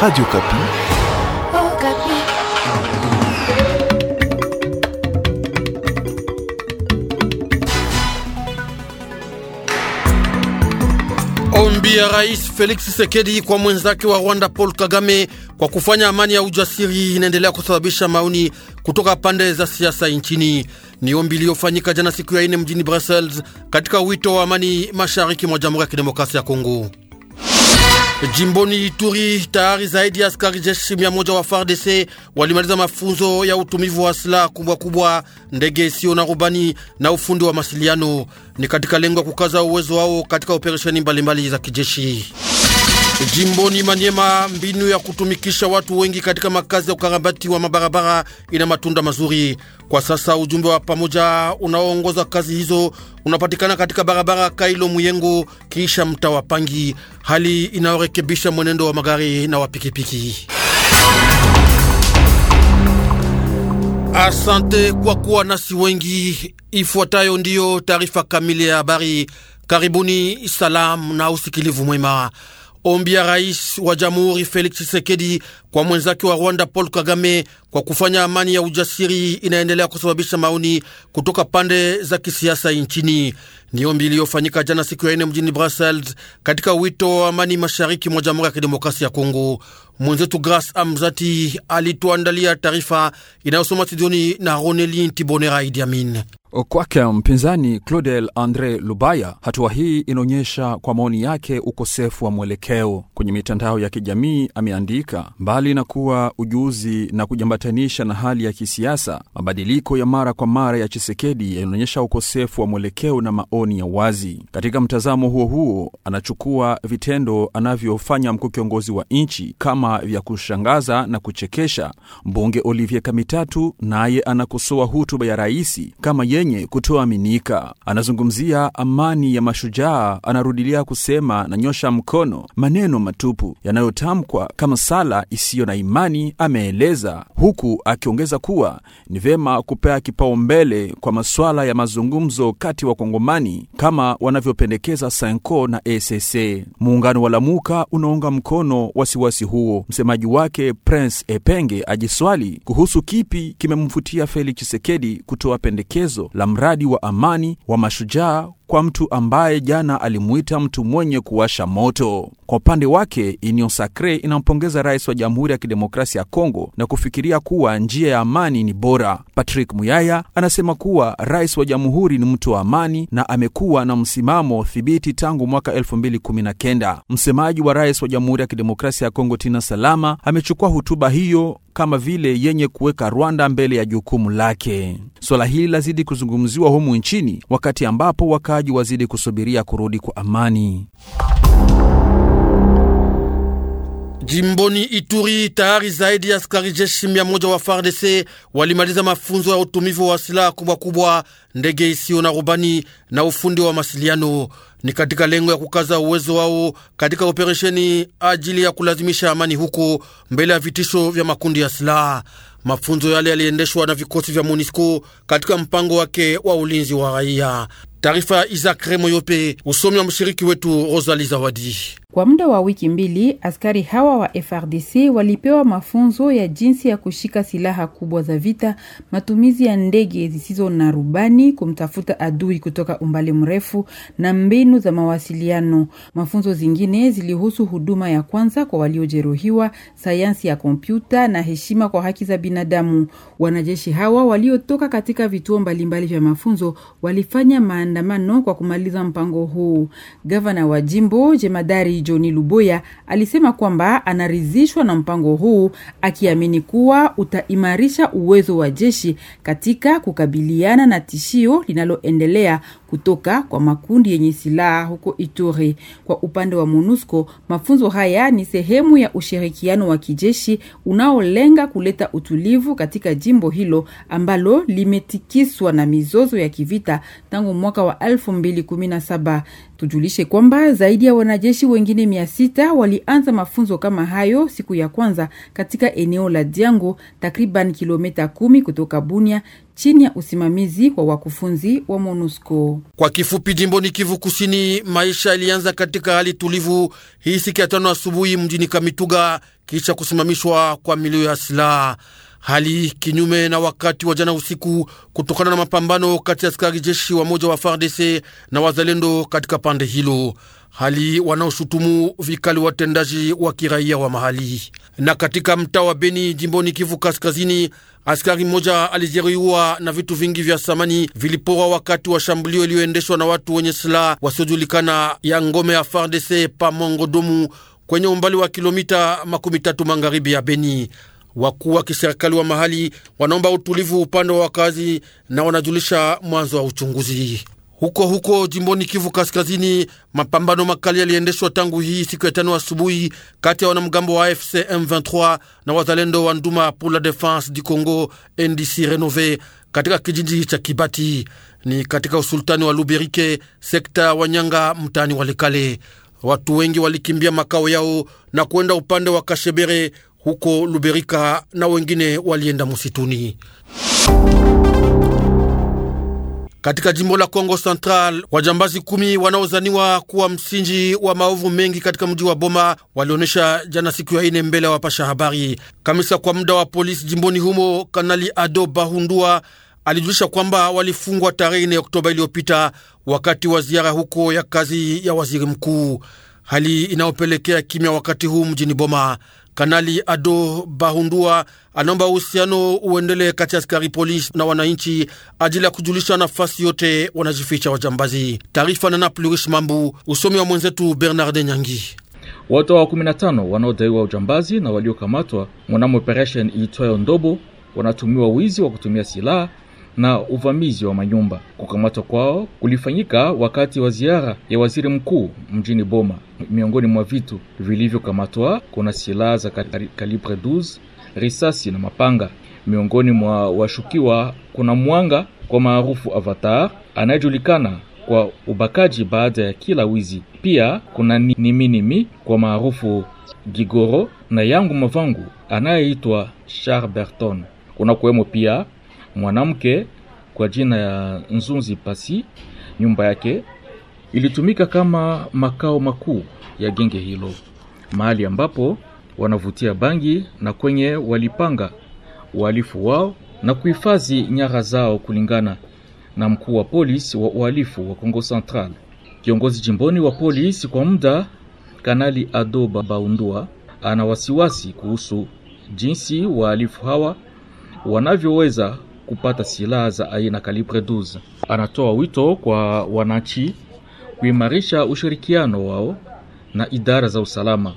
Radio Kapi. Oh, Kapi. Ombi ya Rais Felix Tshisekedi kwa mwenzake wa Rwanda Paul Kagame kwa kufanya amani ya ujasiri inaendelea kusababisha maoni kutoka pande za siasa nchini. Ni ombi iliyofanyika jana siku ya ine mjini Brussels katika wito wa amani mashariki mwa Jamhuri ya Kidemokrasia ya Kongo. Jimboni Ituri tayari zaidi ya askari jeshi mia moja wa FARDC walimaliza mafunzo ya utumivu wa silaha kubwa kubwa, ndege isiyo na rubani na ufundi wa masiliano, ni katika lengo ya kukaza uwezo wao katika operesheni mbalimbali za kijeshi. Jimboni Manyema, mbinu ya kutumikisha watu wengi katika makazi ya ukarabati wa mabarabara ina matunda mazuri kwa sasa. Ujumbe wa pamoja unaoongoza kazi hizo unapatikana katika barabara Kailo Muyengo kisha mtaa wa Pangi, hali inayorekebisha mwenendo wa magari na wa pikipiki. Asante kwa kuwa nasi wengi. Ifuatayo ndiyo taarifa kamili ya habari. Karibuni, salamu na usikilivu mwema ombi ya rais wa jamhuri Felix Tshisekedi kwa mwenzake wa Rwanda Paul Kagame kwa kufanya amani ya ujasiri inaendelea kusababisha maoni kutoka pande za kisiasa nchini. Ni ombi iliyofanyika jana siku ya ine mjini Brussels katika wito wa amani mashariki mwa Jamhuri ya Kidemokrasia ya Kongo. Mwenzetu gras Amzati alituandalia taarifa inayosoma studioni na Ronelin Tibonera Idi Amin. Kwake mpinzani Claudel Andre Lubaya, hatua hii inaonyesha kwa maoni yake ukosefu wa mwelekeo. Kwenye mitandao ya kijamii ameandika, mbali na kuwa ujuzi na kujambatanisha na hali ya kisiasa, mabadiliko ya mara kwa mara ya Chisekedi yanaonyesha ukosefu wa mwelekeo na maoni ya wazi. Katika mtazamo huo huo, anachukua vitendo anavyofanya mkuu kiongozi wa nchi kama vyama vya kushangaza na kuchekesha. Mbunge Olivier Kamitatu naye anakosoa hutuba ya rais kama yenye kutoaminika. Anazungumzia amani ya mashujaa, anarudilia kusema na nyosha mkono, maneno matupu yanayotamkwa kama sala isiyo na imani, ameeleza, huku akiongeza kuwa ni vema kupea kipaumbele kwa masuala ya mazungumzo kati wa Kongomani kama wanavyopendekeza Sanko na esc Muungano wa Lamuka unaunga mkono wasiwasi huo msemaji wake Prince Epenge ajiswali kuhusu kipi kimemvutia Felix Chisekedi kutoa pendekezo la mradi wa amani wa mashujaa kwa mtu ambaye jana alimuita mtu mwenye kuwasha moto. Kwa upande wake, Union Sacre inampongeza rais wa Jamhuri ya Kidemokrasia ya Kongo na kufikiria kuwa njia ya amani ni bora. Patrick Muyaya anasema kuwa rais wa jamhuri ni mtu wa amani na amekuwa na msimamo thibiti tangu mwaka 2019. Msemaji wa rais wa Jamhuri ya Kidemokrasia ya Kongo Tina Salama amechukua hotuba hiyo kama vile yenye kuweka Rwanda mbele ya jukumu lake. Swala hili lazidi kuzungumziwa humu nchini wakati ambapo wakaaji wazidi kusubiria kurudi kwa amani. Jimboni Ituri tayari zaidi ya askari jeshi mia moja wa FARDC walimaliza mafunzo ya utumivu wa silaha kubwa kubwa, ndege isiyo na rubani na ufundi wa masiliano. Ni katika lengo ya kukaza uwezo wao katika operesheni ajili ya kulazimisha amani huko mbele ya vitisho vya makundi ya silaha. Mafunzo yale yaliendeshwa na vikosi vya MONUSCO katika mpango wake wa ulinzi wa raia. Taarifa ya Isaac Remoyope, usomi wa mshiriki wetu Rosali Zawadi. Kwa muda wa wiki mbili, askari hawa wa FRDC walipewa mafunzo ya jinsi ya kushika silaha kubwa za vita, matumizi ya ndege zisizo na rubani, kumtafuta adui kutoka umbali mrefu na mbinu za mawasiliano. Mafunzo zingine zilihusu huduma ya kwanza kwa waliojeruhiwa, sayansi ya kompyuta na heshima kwa haki za binadamu binadamu. Wanajeshi hawa waliotoka katika vituo mbalimbali vya mafunzo walifanya maandamano kwa kumaliza mpango huu. Gavana wa jimbo jemadari Johni Luboya alisema kwamba anaridhishwa na mpango huu, akiamini kuwa utaimarisha uwezo wa jeshi katika kukabiliana na tishio linaloendelea kutoka kwa makundi yenye silaha huko Ituri. Kwa upande wa MONUSCO, mafunzo haya ni sehemu ya ushirikiano wa kijeshi unaolenga kuleta utulivu katika jimbo hilo ambalo limetikiswa na mizozo ya kivita tangu mwaka wa 217 Tujulishe kwamba zaidi ya wanajeshi wengine mia sita walianza mafunzo kama hayo siku ya kwanza katika eneo la Diango, takriban kilomita kumi kutoka Bunia, chini ya usimamizi wa wakufunzi wa MONUSCO. Kwa kifupi, jimboni Kivu Kusini, maisha ilianza katika hali tulivu hii siku ya tano asubuhi mjini Kamituga kisha kusimamishwa kwa milio ya silaha hali kinyume na wakati wa jana usiku, kutokana na mapambano kati ya askari jeshi wa moja wa FARDC na wazalendo katika pande hilo, hali wanaoshutumu vikali watendaji wa kiraia wa mahali. Na katika mtaa wa Beni jimboni Kivu Kaskazini, askari mmoja alijeruhiwa na vitu vingi vya samani viliporwa wakati wa shambulio iliyoendeshwa na watu wenye silaha wasiojulikana ya ngome ya FARDC pa Mongodomu kwenye umbali wa kilomita makumi tatu magharibi ya Beni. Wakuu wa kiserikali wa mahali wanaomba utulivu upande wa wakazi na wanajulisha mwanzo wa uchunguzi. Huko huko jimboni Kivu Kaskazini, mapambano makali yaliendeshwa tangu hii siku ya tano asubuhi kati ya wanamgambo wa AFC M23 na wazalendo wa Nduma pour la Defense du Congo NDC Renove katika kijiji cha Kibati ni katika usultani wa Luberike, sekta wa Nyanga, mtaani wa Lekale. Watu wengi walikimbia makao yao na kwenda upande wa Kashebere huko Luberika na wengine walienda msituni. Katika jimbo la Kongo Central, wajambazi kumi wanaozaniwa kuwa msingi wa maovu mengi katika mji wa Boma walionyesha jana siku ya ine mbele ya wapasha habari. Kamisa kwa muda wa polisi jimboni humo, Kanali Ado Bahundua alijulisha kwamba walifungwa tarehe ine Oktoba iliyopita wakati wa ziara huko ya kazi ya waziri mkuu, hali inayopelekea kimya wakati huu mjini Boma. Kanali Ado Bahundua anaomba uhusiano uendele kati ya askari polisi na wananchi ajili ya kujulisha nafasi yote wanajificha wajambazi. Taarifa na Plurish Mambu, usomi wa mwenzetu Bernarde Nyangi. Watu wa 15 wanaodaiwa ujambazi na waliokamatwa mwanamo operesheni iitwayo Ndobo wanatumiwa wizi wa kutumia silaha na uvamizi wa manyumba. Kukamatwa kwao kulifanyika wakati wa ziara ya waziri mkuu mjini Boma. Miongoni mwa vitu vilivyokamatwa kuna silaha za kalibre 12, risasi na mapanga. Miongoni mwa washukiwa kuna mwanga kwa maarufu Avatar anayejulikana kwa ubakaji baada ya kila wizi. Pia kuna Niminimi kwa maarufu Gigoro na Yangu Mavangu anayeitwa Charberton. Kuna kuwemo pia mwanamke kwa jina ya Nzunzi Pasi, nyumba yake ilitumika kama makao makuu ya genge hilo, mahali ambapo wanavutia bangi na kwenye walipanga uhalifu wao na kuhifadhi nyara zao, kulingana na mkuu wa polisi wa uhalifu wa Kongo Central, kiongozi jimboni wa polisi kwa muda, Kanali Adoba Baundua ana wasiwasi kuhusu jinsi wahalifu hawa wanavyoweza kupata silaha za aina kalibre 12. Anatoa wito kwa wananchi kuimarisha ushirikiano wao na idara za usalama.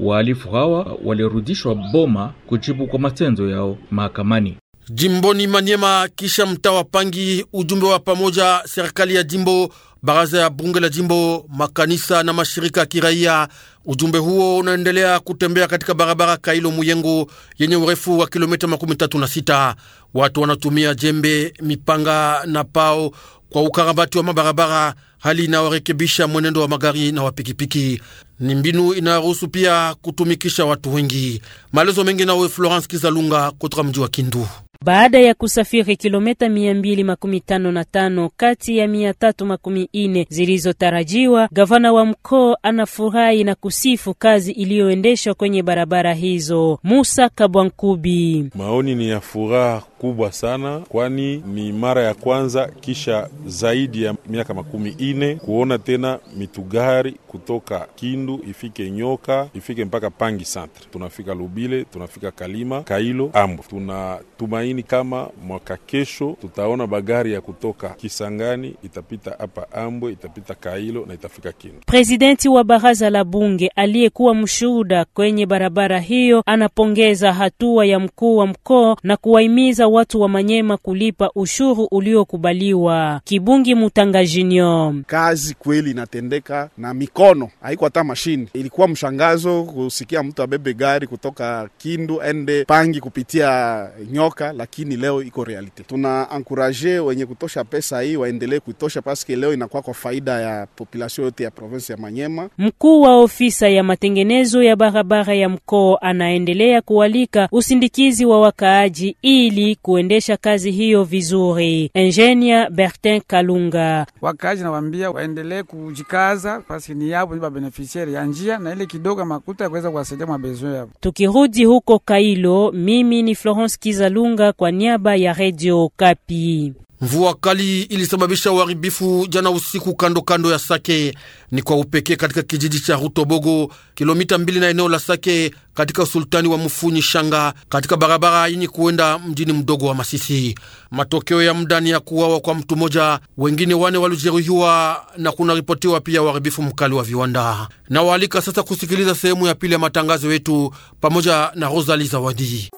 Wahalifu hawa walirudishwa Boma kujibu kwa matendo yao mahakamani. Jimboni Manyema, kisha mtaa wa Pangi, ujumbe wa pamoja serikali ya jimbo baraza ya bunge la jimbo, makanisa na mashirika ya kiraia. Ujumbe huo unaendelea kutembea katika barabara Kailo Muyengo yenye urefu wa kilomita makumi tatu na sita. Watu wanatumia jembe, mipanga na pao kwa ukarabati wa mabarabara, hali inayorekebisha mwenendo wa magari na wapikipiki. Ni mbinu inayoruhusu pia kutumikisha watu wengi. Maelezo mengi nawe Florence Kizalunga kutoka mji wa Kindu baada ya kusafiri kilomita 255 kati ya 340 zilizotarajiwa. Gavana wa mkoa anafurahi na kusifu kazi iliyoendeshwa kwenye barabara hizo. Musa Kabwankubi: maoni ni ya furaha kubwa sana, kwani ni mara ya kwanza kisha zaidi ya miaka makumi ine kuona tena mitugari kutoka Kindu ifike Nyoka ifike mpaka Pangi Centre, tunafika Lubile, tunafika Kalima, Kailo, Ambo. Tunatumaini kama mwaka kesho tutaona bagari ya kutoka Kisangani itapita hapa Ambwe, itapita Kailo na itafika Kindu. Presidenti wa baraza la bunge aliyekuwa mshuhuda kwenye barabara hiyo anapongeza hatua ya mkuu wa mkoa na kuwahimiza watu wa Manyema kulipa ushuru uliokubaliwa. Kibungi Mutanga Junior: kazi kweli inatendeka na mikono, haiko hata mashini. Ilikuwa mshangazo kusikia mtu abebe gari kutoka Kindu ende Pangi kupitia Nyoka, lakini leo iko realite. Tuna ankuraje wenye kutosha pesa hii waendelee kutosha, paske leo inakuwa kwa faida ya populasion yote ya provensi ya Manyema. Mkuu wa ofisa ya matengenezo ya barabara ya mkoo anaendelea kualika usindikizi wa wakaaji ili kuendesha kazi hiyo vizuri. Engineer Bertin Kalunga: wakazi nawambia waendelee kujikaza, basi ni yapo ni babenefisiari ya njia na ile kidogo makuta kuweza kuwasaidia mabezo yao. Tukirudi huko Kailo, mimi ni Florence Kizalunga kwa niaba ya Radio Kapi. Mvua kali ilisababisha uharibifu jana usiku kando kando ya Sake, ni kwa upekee katika kijiji cha Rutobogo, kilomita mbili na eneo la Sake katika usultani wa Mufunyi Shanga, katika barabara yenye kuenda mjini mdogo wa Masisi. Matokeo ya ni ya kuwawa kwa mtu moja, wengine wane walijeruhiwa na kunaripotiwa pia uharibifu mkali wa viwanda. Nawaalika sasa kusikiliza sehemu ya pili ya matangazo yetu pamoja na Rosali Zawadi,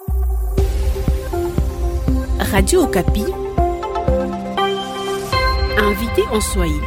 Radio Invité en Swahili.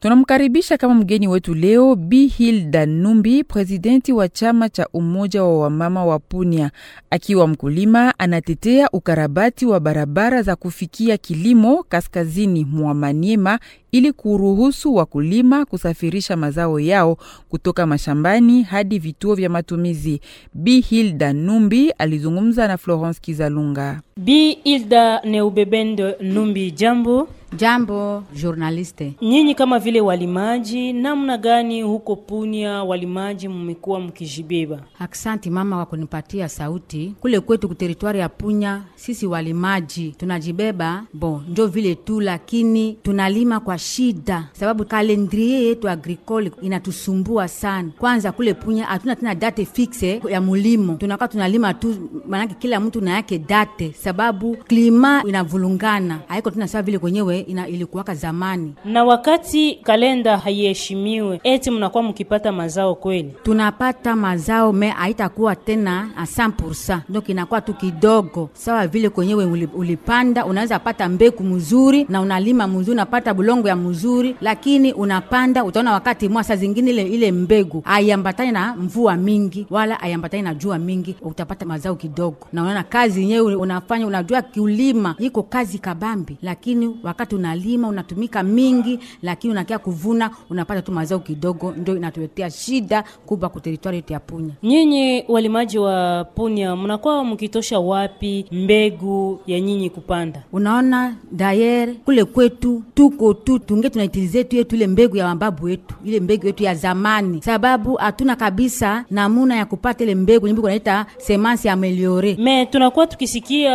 Tunamkaribisha kama mgeni wetu leo Bi Hilda Numbi, presidenti wa chama cha umoja wa wamama wa Punia. Akiwa mkulima, anatetea ukarabati wa barabara za kufikia kilimo kaskazini mwa Maniema, ili kuruhusu wakulima kusafirisha mazao yao kutoka mashambani hadi vituo vya matumizi. Bi Hilda Numbi alizungumza na Florence Kizalunga. Bi Hilda Neubebende Numbi, jambo. Jambo journaliste. Nyinyi kama vile walimaji, namna gani huko Punia walimaji mmekuwa mkijibeba? Aksanti mama kwa kunipatia sauti. Kule kwetu ku teritwari ya Punya, sisi walimaji tunajibeba, bon njo vile tu, lakini tunalima kwa shida, sababu kalendrie yetu agricole inatusumbua sana. Kwanza kule Punya hatuna tena date fixe ya mulimo, tunakaa tunalima tu, maanake kila mtu na yake date, sababu klima inavulungana, haiko tena sawa vile kwenyewe ilikuwaka zamani. Na wakati kalenda haiheshimiwe, eti mnakuwa mkipata mazao kweli? Tunapata mazao me haitakuwa tena a 100%, donc inakuwa tu kidogo, sawa vile kwenyewe ulipanda. Unaweza pata mbegu mzuri na unalima mzuri, unapata bulongo ya mzuri, lakini unapanda utaona wakati mwasa zingine ile, ile mbegu haiambatani na mvua mingi wala haiambatani na jua mingi, utapata mazao kidogo. Na unaona kazi yenyewe unafanya, unajua kiulima iko kazi kabambi, lakini wakati unalima unatumika mingi, lakini unakia kuvuna unapata tu mazao kidogo, ndio inatuletea shida kubwa kwa teritwari yetu ya Punya. Nyinyi walimaji wa Punya mnakuwa mkitosha wapi mbegu ya nyinyi kupanda? Unaona dayere kule kwetu tuko tu tunge tunaitilize tu yetu ile mbegu ya mababu wetu, ile mbegu yetu ya zamani, sababu hatuna kabisa namuna ya kupata ile mbegu nyimbi kunaita semansi ameliore. Me tunakuwa tukisikia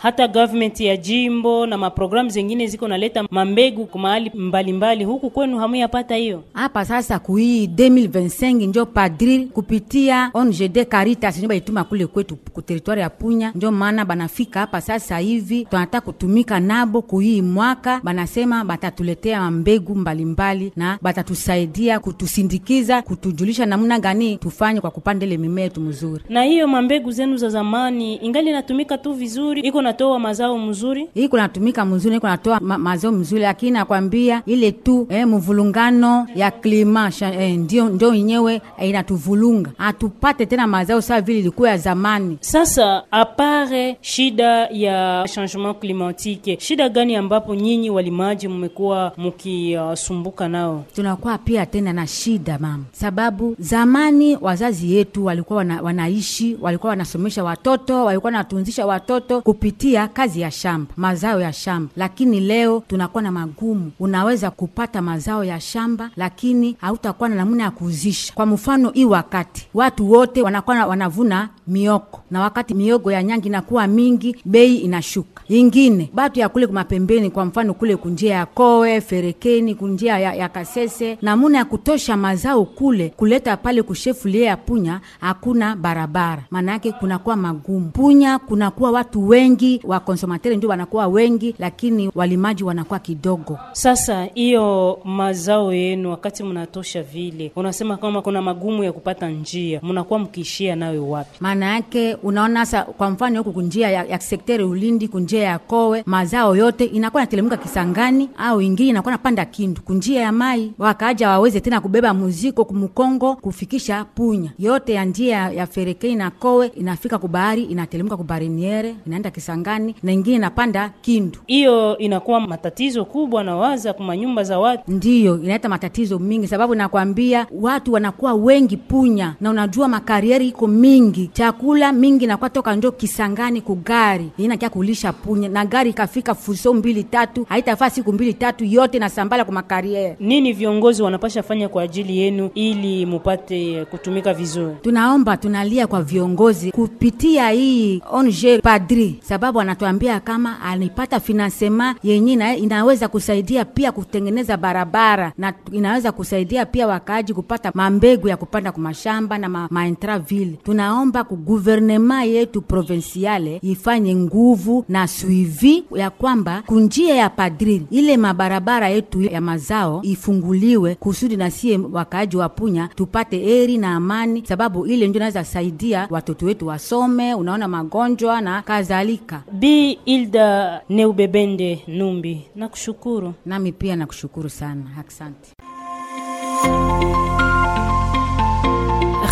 hata government ya jimbo na maprogramu zengine ziko naleta mambegu mahali mbalimbali, huku kwenu hamuyapata hiyo hapa. Sasa kuii 2025 njo padri kupitia ONGD Caritas njo baituma kule kwetu ku territoire ya Punya, njo maana banafika hapa sasa hivi, tunataka kutumika nabo kuhii mwaka, banasema bata batatuletea mbegu mbalimbali na batatusaidia kutusindikiza, kutujulisha namna gani tufanye kwa kupanda ile mimea yetu mzuri. Na hiyo mambegu zenu za zamani ingali inatumika tu vizuri, iko natoa mazao mzuri, iko natumika mzuri, iko natoa ma mazao mzuri, lakini nakwambia ile tu eh, mvulungano ya klima eh, ndio ndio yenyewe eh, inatuvulunga, hatupate tena mazao sawa vile ilikuwa ya zamani. Sasa apare shida ya changement climatique, shida gani ambapo nyinyi walimaji mmekuwa mnakuwa mkisumbuka nao? Tunakuwa pia tena na shida mama, sababu zamani wazazi yetu walikuwa wana, wanaishi walikuwa wanasomesha watoto walikuwa wanatunzisha watoto kupitia kazi ya shamba, mazao ya shamba, lakini leo tunakuwa na magumu. Unaweza kupata mazao ya shamba, lakini hautakuwa na namna ya kuuzisha. Kwa mfano, hii wakati watu wote wanakuwa wanavuna mioko, na wakati miogo ya nyangi inakuwa mingi, bei inashuka. Ingine batu ya kule kumapembeni, kwa mfano kule kunjia yako Mbowe, Ferekeni, kunjia ya, ya Kasese, namuna ya kutosha mazao kule kuleta pale kushefulie ya Punya hakuna barabara, yake kunakuwa magumu. Punya kunakuwa watu wengi, wakonsomateri ndio wanakuwa wengi, lakini walimaji wanakuwa kidogo. Sasa hiyo mazao yenu wakati mnatosha vile, unasema kama kuna magumu ya kupata njia, mnakuwa mkiishia nayo wapi? Maana yake unaona sa, kwa mfano huku kunjia ya, ya sekteri Ulindi, kunjia ya Kowe, mazao yote inakuwa natelemka Kisangani au mwingine nakuwa napanda kindu kunjia ya mai, wakaja waweze tena kubeba muziko kumukongo kufikisha punya yote ya njia ya ferekei na kowe inafika kubahari, inatelemka kubariniere, inaenda Kisangani na ingine inapanda Kindu. Hiyo inakuwa matatizo kubwa na waza kuma nyumba za watu, ndiyo inaleta matatizo mingi, sababu nakwambia watu wanakuwa wengi punya, na unajua makarieri iko mingi, chakula mingi nakuwa toka njo Kisangani kugari inakia kulisha punya, na gari ikafika fuso mbili tatu haitafaa siku mbili tatu watu yote na sambala kwa makariere. Nini viongozi wanapasha fanya kwa ajili yenu ili mupate kutumika vizuri? Tunaomba, tunalia kwa viongozi kupitia hii onje padri, sababu anatuambia kama anipata finansema yenye inaweza kusaidia pia kutengeneza barabara na inaweza kusaidia pia wakaaji kupata mambegu ya kupanda kwa mashamba na ma, ville Tunaomba kuguvernema yetu provinsiale ifanye nguvu na suivi ya kwamba kunjia ya padri ile mabara barabara yetu ya mazao ifunguliwe kusudi na sie wakaaji wa Punya tupate heri na amani, sababu ile ndio inaweza saidia watoto wetu wasome, unaona magonjwa na kadhalika. Bi Ilda Neubebende Numbi, nakushukuru. Nami pia nakushukuru sana, asante.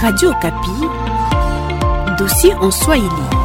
Radio Kapi, dossier en Swahili.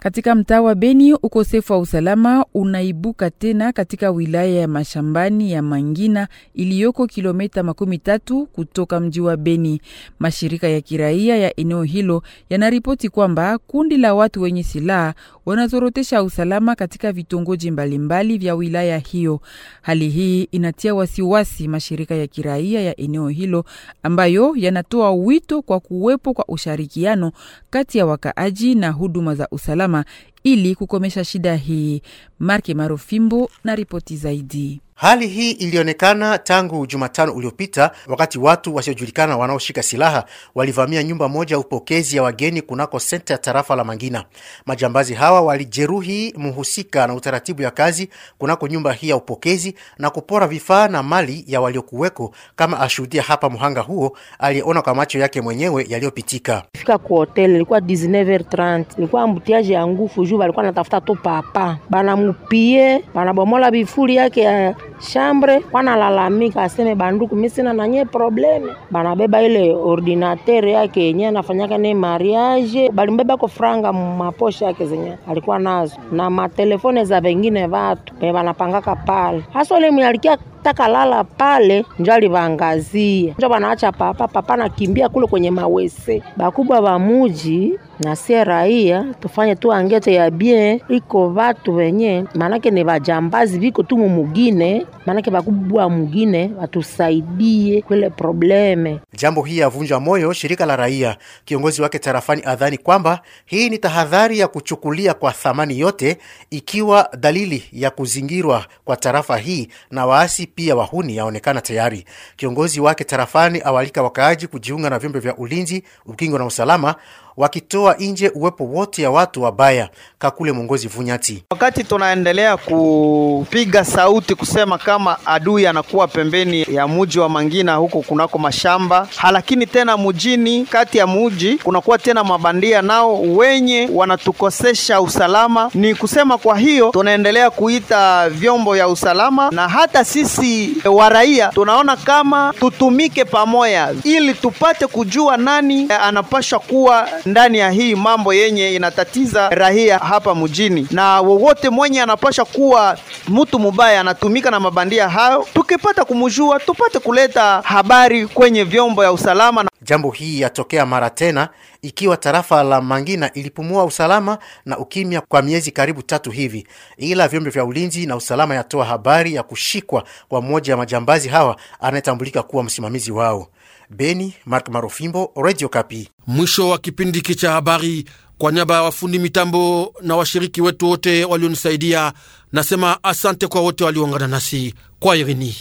Katika mtaa wa Beni, ukosefu wa usalama unaibuka tena katika wilaya ya mashambani ya Mangina iliyoko kilomita makumi tatu kutoka mji wa Beni. Mashirika ya kiraia ya eneo hilo yanaripoti kwamba kundi la watu wenye silaha wanazorotesha usalama katika vitongoji mbalimbali vya wilaya hiyo. Hali hii inatia wasiwasi mashirika ya kiraia ya eneo hilo ambayo yanatoa wito kwa kuwepo kwa ushirikiano kati ya wakaaji na huduma za usalama ili kukomesha shida hii. Marke Marofimbo na ripoti zaidi. Hali hii ilionekana tangu Jumatano uliopita wakati watu wasiojulikana wanaoshika silaha walivamia nyumba moja ya upokezi ya wageni kunako senta ya tarafa la Mangina. Majambazi hawa walijeruhi mhusika na utaratibu ya kazi kunako nyumba hii ya upokezi na kupora vifaa na mali ya waliokuweko, kama ashuhudia hapa mhanga huo aliyeona kwa macho yake mwenyewe yaliyopitika. Fika hotel ilikuwa 19h30 ilikuwa ambutiaje ya juu walikuwa natafuta papa banamupie banabomola yake ya shambre wanalalamika, aseme banduku, mimi sina nanye probleme. Banabeba ile ordinater yake yenye anafanyaka ne mariage, balimbeba ko franga maposha yake zenye alikuwa nazo na matelefone za vengine vatu be banapangaka pale hasa ile mwalikia takalala pale, njo alivaangazia, njo banaacha papa papa nakimbia kule kwenye mawese. Bakubwa ba muji na sie raia tufanye tu angete ya bien, iko vatu venye manake ni vajambazi viko tu mumugine, manake bakubwa mugine watusaidie kwile probleme. Jambo hii yavunja moyo shirika la raia. Kiongozi wake tarafani adhani kwamba hii ni tahadhari ya kuchukulia kwa thamani yote, ikiwa dalili ya kuzingirwa kwa tarafa hii na waasi pia wahuni yaonekana tayari. Kiongozi wake tarafani awalika wakaaji kujiunga na vyombo vya ulinzi, ukingo na usalama wakitoa nje uwepo wote ya watu wabaya. Kakule mwongozi Vunyati: wakati tunaendelea kupiga sauti kusema kama adui anakuwa pembeni ya muji wa Mangina huko kunako mashamba, lakini tena mujini kati ya muji kunakuwa tena mabandia nao wenye wanatukosesha usalama. Ni kusema kwa hiyo tunaendelea kuita vyombo ya usalama na hata sisi wa raia tunaona kama tutumike pamoja, ili tupate kujua nani anapashwa kuwa ndani ya hii mambo yenye inatatiza rahia hapa mjini, na wowote mwenye anapasha kuwa mtu mubaya anatumika na mabandia hayo, tukipata kumjua tupate kuleta habari kwenye vyombo ya usalama. Jambo hii yatokea mara tena ikiwa tarafa la Mangina ilipumua usalama na ukimya kwa miezi karibu tatu hivi, ila vyombo vya ulinzi na usalama yatoa habari ya kushikwa kwa mmoja ya majambazi hawa anayetambulika kuwa msimamizi wao. Beni, Mark Marofimbo, Radio Kapi. Mwisho wa kipindi hiki cha habari. Kwa niaba ya wafundi mitambo na washiriki wetu wote walionisaidia, nasema asante kwa wote walioungana nasi kwa irini.